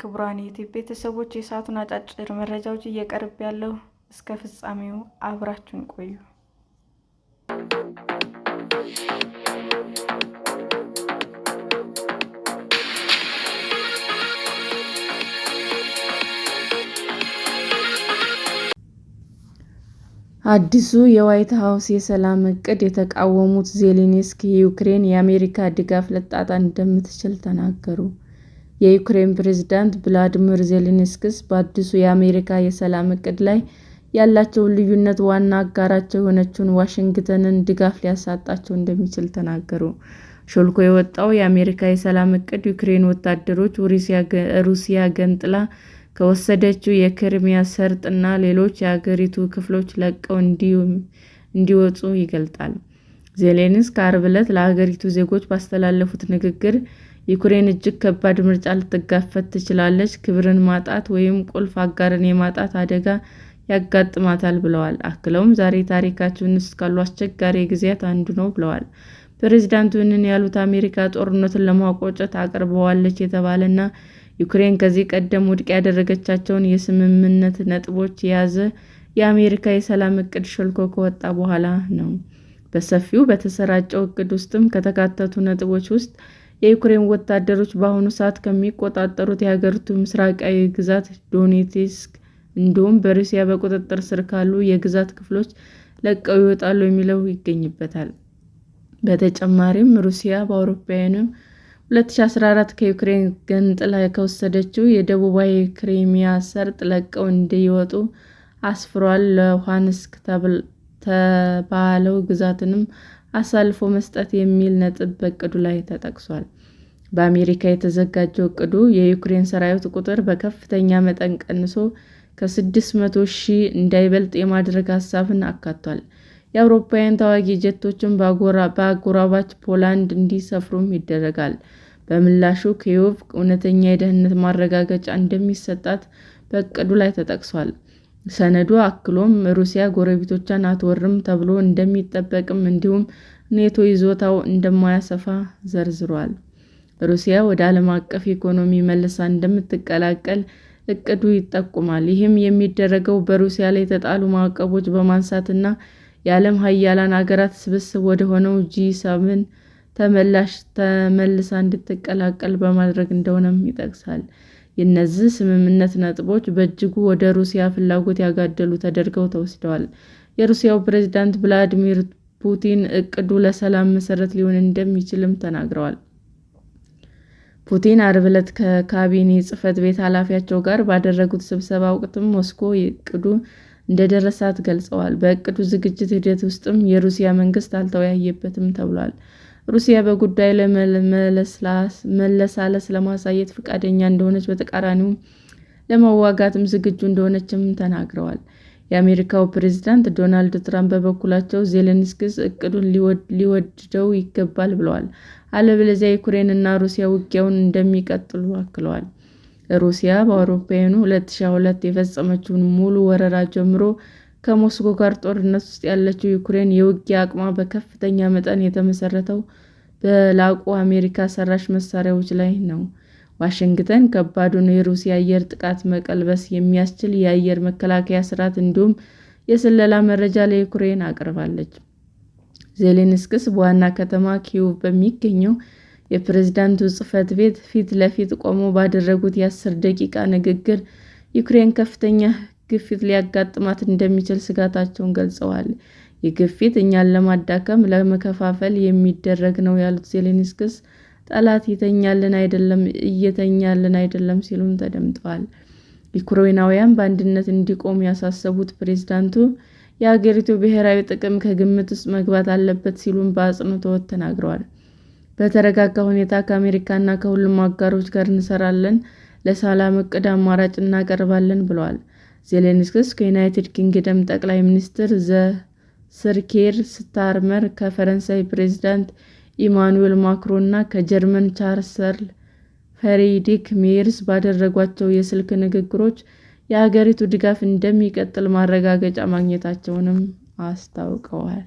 ክቡራን ዩቲዩብ ቤተሰቦች የሰዓቱን አጫጭር መረጃዎች እየቀርብ ያለው እስከ ፍጻሜው አብራችሁን ቆዩ። አዲሱ የዋይት ሀውስ የሰላም እቅድ የተቃወሙት ዜሌንስኪ ዩክሬን የአሜሪካ ድጋፍ ልታጣ እንደምትችል ተናገሩ። የዩክሬን ፕሬዝዳንት ቮሎዲሚር ዜሌንስኪስ በአዲሱ የአሜሪካ የሰላም እቅድ ላይ ያላቸውን ልዩነት ዋና አጋራቸው የሆነችውን ዋሽንግተንን ድጋፍ ሊያሳጣቸው እንደሚችል ተናገሩ። ሾልኮ የወጣው የአሜሪካ የሰላም ዕቅድ ዩክሬን ወታደሮች ሩሲያ ገንጥላ ከወሰደችው የክሪሚያ እና ሌሎች የአገሪቱ ክፍሎች ለቀው እንዲወጡ ይገልጣል። ዜሌንስክ ዓርብ ዕለት ለአገሪቱ ዜጎች ባስተላለፉት ንግግር ዩክሬን እጅግ ከባድ ምርጫ ልትጋፈት ትችላለች፣ ክብርን ማጣት ወይም ቁልፍ አጋርን የማጣት አደጋ ያጋጥማታል ብለዋል። አክለውም ዛሬ ታሪካችን ውስጥ ካሉ አስቸጋሪ ጊዜያት አንዱ ነው ብለዋል። ፕሬዚዳንቱ ይህንን ያሉት አሜሪካ ጦርነቱን ለማቋጨት አቅርበዋለች የተባለና ዩክሬን ከዚህ ቀደም ውድቅ ያደረገቻቸውን የስምምነት ነጥቦች የያዘ የአሜሪካ የሰላም ዕቅድ ሾልኮ ከወጣ በኋላ ነው። በሰፊው በተሰራጨው ዕቅድ ውስጥም ከተካተቱ ነጥቦች ውስጥ የዩክሬን ወታደሮች በአሁኑ ሰዓት ከሚቆጣጠሩት የሀገሪቱ ምስራቃዊ ግዛት ዶኔትስክ እንዲሁም በሩሲያ በቁጥጥር ስር ካሉ የግዛት ክፍሎች ለቀው ይወጣሉ የሚለው ይገኝበታል። በተጨማሪም ሩሲያ በአውሮፓውያኑ 2014 ከዩክሬን ገንጥላ ከወሰደችው የደቡባዊ ክሪሚያ ሰርጥ ለቀው እንዲወጡ አስፍሯል። ለሉሃንስክ ተባለው ግዛትንም አሳልፎ መስጠት የሚል ነጥብ በእቅዱ ላይ ተጠቅሷል። በአሜሪካ የተዘጋጀው እቅዱ የዩክሬን ሰራዊት ቁጥር በከፍተኛ መጠን ቀንሶ ከ600 ሺህ እንዳይበልጥ የማድረግ ሀሳብን አካቷል። የአውሮፓውያን ተዋጊ ጀቶችን በአጎራባች ፖላንድ እንዲሰፍሩም ይደረጋል። በምላሹ ኪየቭ እውነተኛ የደህንነት ማረጋገጫ እንደሚሰጣት በእቅዱ ላይ ተጠቅሷል። ሰነዱ አክሎም ሩሲያ ጎረቤቶቿን አትወርም ተብሎ እንደሚጠበቅም እንዲሁም ኔቶ ይዞታው እንደማያሰፋ ዘርዝሯል። ሩሲያ ወደ ዓለም አቀፍ ኢኮኖሚ መልሳ እንደምትቀላቀል እቅዱ ይጠቁማል። ይህም የሚደረገው በሩሲያ ላይ የተጣሉ ማዕቀቦች በማንሳትና የዓለም ሀያላን አገራት ስብስብ ወደ ሆነው ጂ ሰብን ተመላሽ ተመልሳ እንድትቀላቀል በማድረግ እንደሆነም ይጠቅሳል። የእነዚህ ስምምነት ነጥቦች በእጅጉ ወደ ሩሲያ ፍላጎት ያጋደሉ ተደርገው ተወስደዋል። የሩሲያው ፕሬዝዳንት ቭላዲሚር ፑቲን እቅዱ ለሰላም መሰረት ሊሆን እንደሚችልም ተናግረዋል። ፑቲን ዓርብ ዕለት ከካቢኔ ጽህፈት ቤት ኃላፊያቸው ጋር ባደረጉት ስብሰባ ወቅትም ሞስኮ የእቅዱ እንደደረሳት ገልጸዋል። በእቅዱ ዝግጅት ሂደት ውስጥም የሩሲያ መንግስት አልተወያየበትም ተብሏል። ሩሲያ በጉዳዩ ላይ መለሳለስ ለማሳየት ፈቃደኛ እንደሆነች፣ በተቃራኒው ለመዋጋትም ዝግጁ እንደሆነችም ተናግረዋል። የአሜሪካው ፕሬዚዳንት ዶናልድ ትራምፕ በበኩላቸው ዜሌንስኪ እቅዱን ሊወድደው ይገባል ብለዋል። አለበለዚያ ዩክሬን እና ሩሲያ ውጊያውን እንደሚቀጥሉ አክለዋል። ሩሲያ በአውሮፓውያኑ 2022 የፈጸመችውን ሙሉ ወረራ ጀምሮ ከሞስኮ ጋር ጦርነት ውስጥ ያለችው ዩክሬን የውጊያ አቅሟ በከፍተኛ መጠን የተመሰረተው በላቁ አሜሪካ ሰራሽ መሳሪያዎች ላይ ነው። ዋሽንግተን ከባዱን የሩሲያ አየር ጥቃት መቀልበስ የሚያስችል የአየር መከላከያ ስርዓት እንዲሁም የስለላ መረጃ ለዩክሬን አቅርባለች። ዜሌንስክስ በዋና ከተማ ኪየቭ በሚገኘው የፕሬዝዳንቱ ጽሕፈት ቤት ፊት ለፊት ቆመው ባደረጉት የአስር ደቂቃ ንግግር ዩክሬን ከፍተኛ ግፊት ሊያጋጥማት እንደሚችል ስጋታቸውን ገልጸዋል። ይህ ግፊት እኛን ለማዳከም፣ ለመከፋፈል የሚደረግ ነው ያሉት ዜሌንስኪስ ጠላት ይተኛልን አይደለም እየተኛልን አይደለም ሲሉም ተደምጠዋል። ዩክሬናውያን በአንድነት እንዲቆሙ ያሳሰቡት ፕሬዝዳንቱ የአገሪቱ ብሔራዊ ጥቅም ከግምት ውስጥ መግባት አለበት ሲሉም በአጽንዖት ተናግረዋል። በተረጋጋ ሁኔታ ከአሜሪካና ከሁሉም አጋሮች ጋር እንሰራለን፣ ለሰላም ዕቅድ አማራጭ እናቀርባለን ብለዋል። ዜሌንስክስ ከዩናይትድ ኪንግደም ጠቅላይ ሚኒስትር ሰር ኬር ስታርመር፣ ከፈረንሳይ ፕሬዚዳንት ኢማኑዌል ማክሮ እና ከጀርመን ቻንሰለር ፍሬድሪክ ሜርስ ባደረጓቸው የስልክ ንግግሮች የሀገሪቱ ድጋፍ እንደሚቀጥል ማረጋገጫ ማግኘታቸውንም አስታውቀዋል።